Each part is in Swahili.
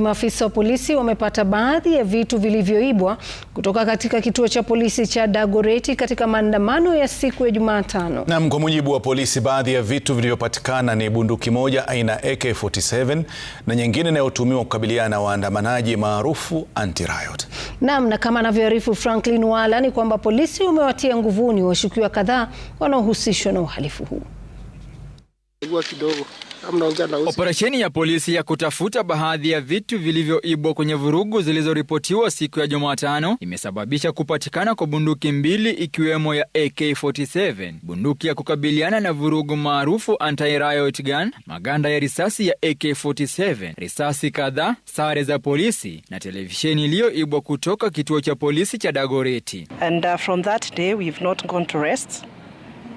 mauaji, maafisa wa polisi wamepata baadhi ya vitu vilivyoibwa kutoka katika kituo cha polisi cha Dagoretti katika maandamano ya siku ya Jumatano. Naam, kwa mujibu wa polisi, baadhi ya vitu vilivyopatikana ni bunduki moja aina AK47 na nyingine inayotumiwa kukabiliana na waandamanaji maarufu anti-riot. Naam, na kama anavyoarifu Franklin Wala ni kwamba polisi wamewatia nguvuni washukiwa kadhaa wanaohusishwa na uhalifu huu. Operesheni ya polisi ya kutafuta baadhi ya vitu vilivyoibwa kwenye vurugu zilizoripotiwa siku ya Jumatano imesababisha kupatikana kwa bunduki mbili ikiwemo ya AK47, bunduki ya kukabiliana na vurugu maarufu anti-riot gun, maganda ya risasi ya AK47, risasi kadhaa, sare za polisi na televisheni iliyoibwa kutoka kituo cha polisi cha Dagoreti. And, uh, from that day we've not gone to rest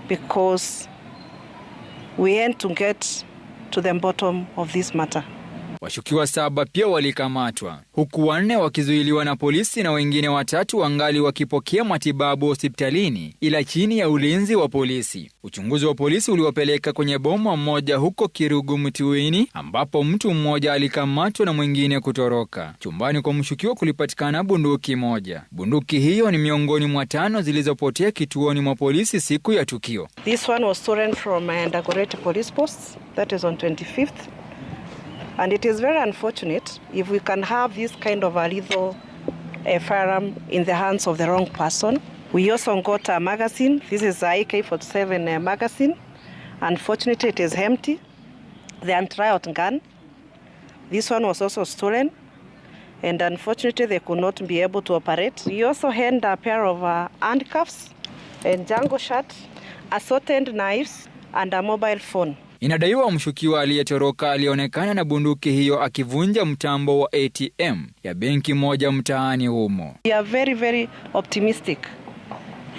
because we aim to get to the bottom of this matter. Washukiwa saba pia walikamatwa huku wanne wakizuiliwa na polisi na wengine watatu wangali wakipokea matibabu hospitalini ila chini ya ulinzi wa polisi. Uchunguzi wa polisi uliwapeleka kwenye boma mmoja huko Kirugu Mtuini, ambapo mtu mmoja alikamatwa na mwingine kutoroka. Chumbani kwa mshukiwa kulipatikana bunduki moja. Bunduki hiyo ni miongoni mwa tano zilizopotea kituoni mwa polisi siku ya tukio. This one was stolen from police post that is on 25th. And it is very unfortunate if we can have this kind of a lethal uh, firearm in the hands of the wrong person. We also got a magazine. This is the AK-47 uh, magazine. Unfortunately, it is empty. The untried gun. This one was also stolen. And unfortunately, they could not be able to operate. We also had a pair of uh, handcuffs, a jungle shirt, assorted knives, and a mobile phone. Inadaiwa mshukiwa aliyetoroka alionekana na bunduki hiyo akivunja mtambo wa ATM ya benki moja mtaani humo. We are very, very optimistic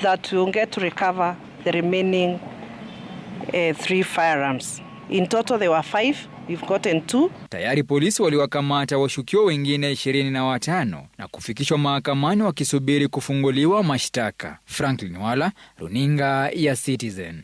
that we will get to recover the remaining uh, three firearms. In total there were five. We've gotten two. Tayari polisi waliwakamata washukiwa wengine ishirini na watano na kufikishwa mahakamani wakisubiri kufunguliwa mashtaka. Franklin Wala, Runinga ya Citizen.